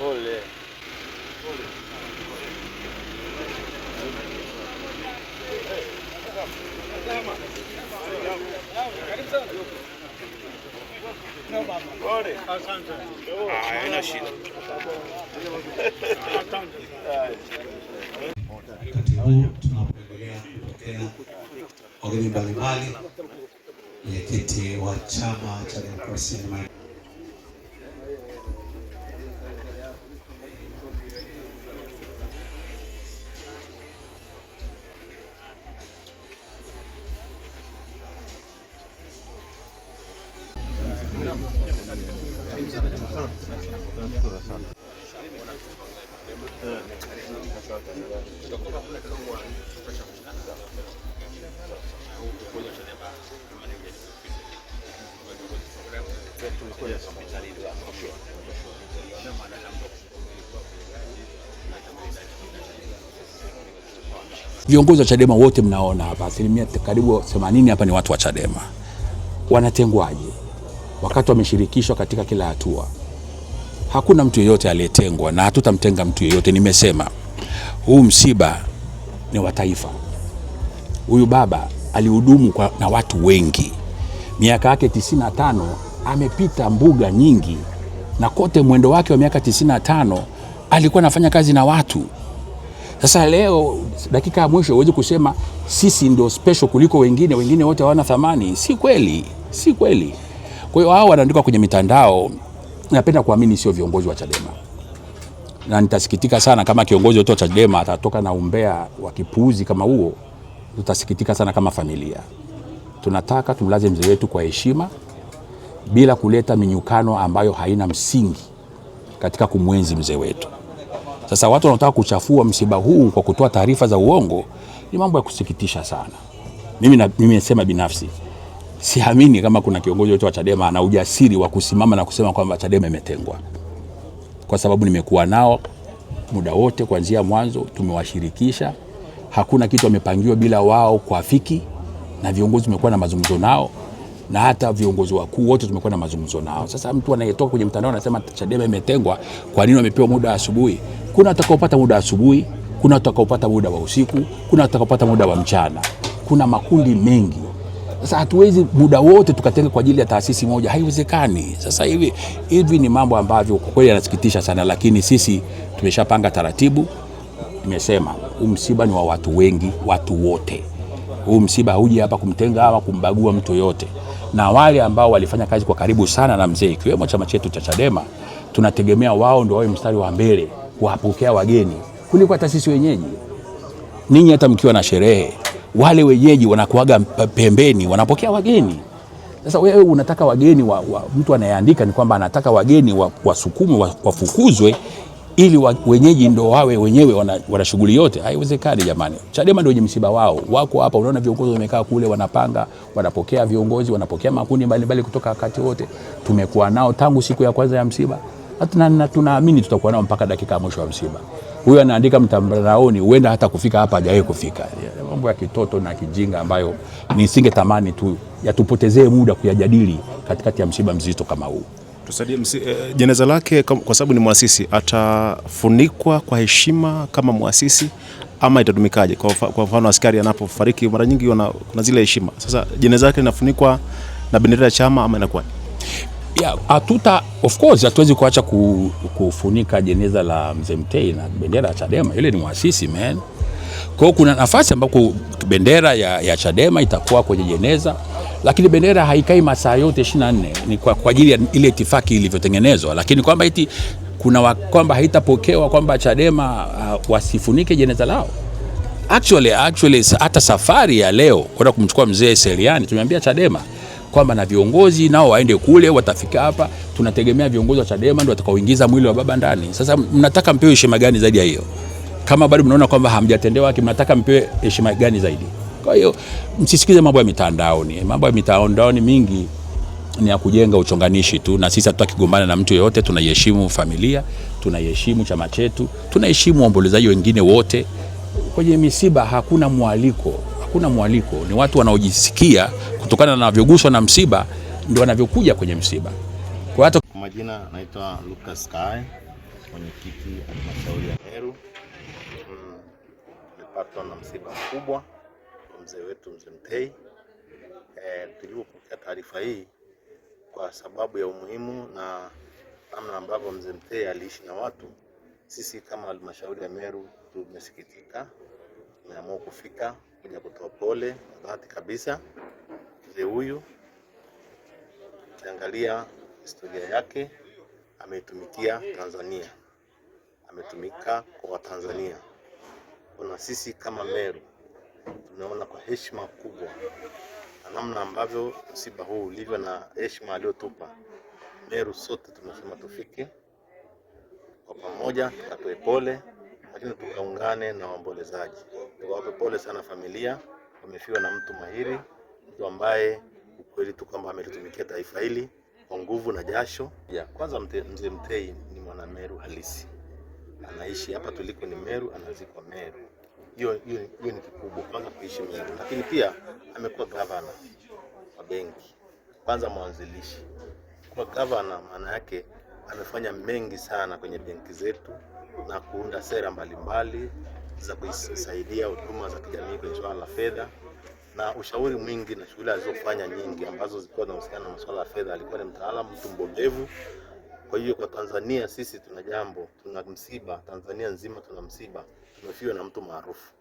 Pole. Haina Huu tunapoendelea kupokea wageni mbalimbali, mwenyekiti wa Chama cha Demokrasia Viongozi wa Chadema wote mnaona hapa, asilimia karibu 80 hapa ni watu wa Chadema. Wanatengwaje? wakati wameshirikishwa katika kila hatua. Hakuna mtu yeyote aliyetengwa na hatutamtenga mtu yeyote. Nimesema huu msiba ni wa taifa. Huyu baba alihudumu na watu wengi, miaka yake 95 amepita mbuga nyingi, na kote mwendo wake wa miaka 95 alikuwa anafanya kazi na watu. Sasa leo dakika ya mwisho huwezi kusema sisi ndio special kuliko wengine, wengine wote hawana thamani. Si kweli, si kweli. Kwa hiyo hao wanaandikwa kwenye mitandao, napenda kuamini sio viongozi wa Chadema, na nitasikitika sana kama kiongozi wa Chadema atatoka na umbea wa kipuuzi kama huo. Tutasikitika sana kama familia. Tunataka tumlaze mzee wetu kwa heshima bila kuleta minyukano ambayo haina msingi katika kumwenzi mzee wetu. Sasa watu wanaotaka kuchafua msiba huu kwa kutoa taarifa za uongo ni mambo ya kusikitisha sana. Mimi nasema binafsi siamini kama kuna kiongozi wote wa Chadema ana ujasiri wa kusimama na kusema kwamba Chadema imetengwa, kwa sababu nimekuwa nao muda wote kuanzia mwanzo, tumewashirikisha. Hakuna kitu amepangiwa bila wao kuafiki, na viongozi tumekuwa na mazungumzo nao, na hata viongozi wakuu wote tumekuwa na mazungumzo nao. Sasa mtu anayetoka kwenye mtandao anasema Chadema imetengwa, kwa nini wamepewa muda wa asubuhi? Kuna atakaopata muda asubuhi, kuna atakaopata muda wa usiku, kuna atakaopata muda wa mchana, kuna makundi mengi sasa hatuwezi muda wote tukatenga kwa ajili ya taasisi moja, haiwezekani. Sasa hivi hivi ni mambo ambavyo kwa kweli yanasikitisha sana, lakini sisi tumeshapanga taratibu. Nimesema huu msiba ni wa watu wengi, watu wote. Huu msiba huji hapa kumtenga ama kumbagua mtu yote, na wale ambao walifanya kazi kwa karibu sana na mzee, ikiwemo chama chetu cha Chadema, tunategemea wao ndio wawe mstari wa mbele kuwapokea wageni kuliko hata sisi wenyeji. Ninyi hata mkiwa na sherehe wale wenyeji wanakuaga pembeni, wanapokea wageni. Sasa wewe unataka wageni wa, wa, mtu anayeandika ni kwamba anataka wageni wasukumwe wa wafukuzwe wa ili wa, wenyeji ndo wawe wenyewe wana, wana shughuli yote. Haiwezekani jamani, Chadema ndio wenye msiba wao, wako hapa. Unaona viongozi wamekaa kule, wanapanga, wanapokea viongozi, wanapokea makundi mbalimbali kutoka wakati wote. Tumekuwa nao tangu siku ya kwanza ya msiba tunaamini tutakuwa nao mpaka dakika ya mwisho wa msiba huyu anaandika mtandaoni, huenda hata kufika hapa hajawahi kufika. Mambo ya kitoto na kijinga ambayo tamani tu yatupotezee muda kuyajadili katikati ya msiba mzito kama huu. Tusaidie e, jeneza lake kwa sababu ni mwasisi, atafunikwa kwa heshima kama mwasisi ama itatumikaje? Kwa mfano askari anapofariki mara nyingi kuna zile heshima. Sasa jeneza lake linafunikwa na bendera ya chama ama inakuwaje? Yeah, atuta of course hatuwezi kuacha kufunika jeneza la Mzee Mtei na bendera ya Chadema. Ile ni mwasisi man. Kwa hiyo kuna nafasi ambako bendera ya, ya Chadema itakuwa kwenye jeneza, lakini bendera haikai masaa yote 24 ni kwa, ajili ya ile itifaki ilivyotengenezwa, lakini kwamba eti kuna kwamba haitapokewa kwamba Chadema uh, wasifunike jeneza lao actually, actually hata safari ya leo kwenda kumchukua mzee Seriani tumeambia Chadema kwamba na viongozi nao waende kule, watafika hapa. Tunategemea viongozi wa Chadema ndio watakaoingiza mwili wa baba ndani. Sasa mnataka mpewe heshima gani zaidi ya hiyo? Kama bado mnaona kwamba hamjatendewa haki, mnataka mpewe heshima gani zaidi? Kwa hiyo msisikize mambo ya mitandaoni. Mambo ya mitandaoni mingi ni ya kujenga uchonganishi tu, na sisi hatutaki kugombana na mtu yeyote. Tunaiheshimu familia, tunaiheshimu chama chetu, tunaheshimu waombolezaji wengine wote. Kwenye misiba hakuna mwaliko, hakuna mwaliko, ni watu wanaojisikia kutokana na anavyoguswa na msiba ndio anavyokuja kwenye msiba. Kwa hata majina, naitwa Lucas Kae, mwenyekiti halmashauri ya Meru. Tumepatwa na msiba mkubwa mzee wetu mzee Mtei. E, tulipopokea taarifa hii kwa sababu ya umuhimu na namna ambavyo mzee Mtei aliishi na watu, sisi kama halmashauri ya Meru tumesikitika, tumeamua kufika kuja kutoa pole dhati kabisa mzee huyu, ukiangalia historia yake, ameitumikia Tanzania, ametumika kwa Watanzania. Kuna sisi kama Meru tunaona kwa heshima kubwa na namna ambavyo msiba huu ulivyo na heshima aliyotupa Meru. Sote tunasema tufike kwa pamoja, tukatoe pole, lakini tukaungane na waombolezaji, tukawape pole sana familia, wamefiwa na mtu mahiri mtu ambaye ukweli tu kwamba ametutumikia taifa hili kwa nguvu na jasho. Yeah. kwanza, mzee Mtei ni mwana Meru halisi, anaishi hapa tuliko ni Meru, anazikwa Meru. Hiyo hiyo ni kikubwa, kwanza kuishi Meru, lakini pia amekuwa gavana wa benki, kwanza mwanzilishi. Kwa gavana maana yake amefanya mengi sana kwenye benki zetu na kuunda sera mbalimbali mbali za kuisaidia huduma za kijamii kwenye swala la fedha na ushauri mwingi na shughuli alizofanya nyingi ambazo zilikuwa zinahusiana na masuala ya fedha. Alikuwa ni mtaalamu, mtu mbobevu. Kwa hiyo kwa Tanzania sisi tuna jambo, tuna msiba, Tanzania nzima tuna msiba, tumefiwa na mtu maarufu.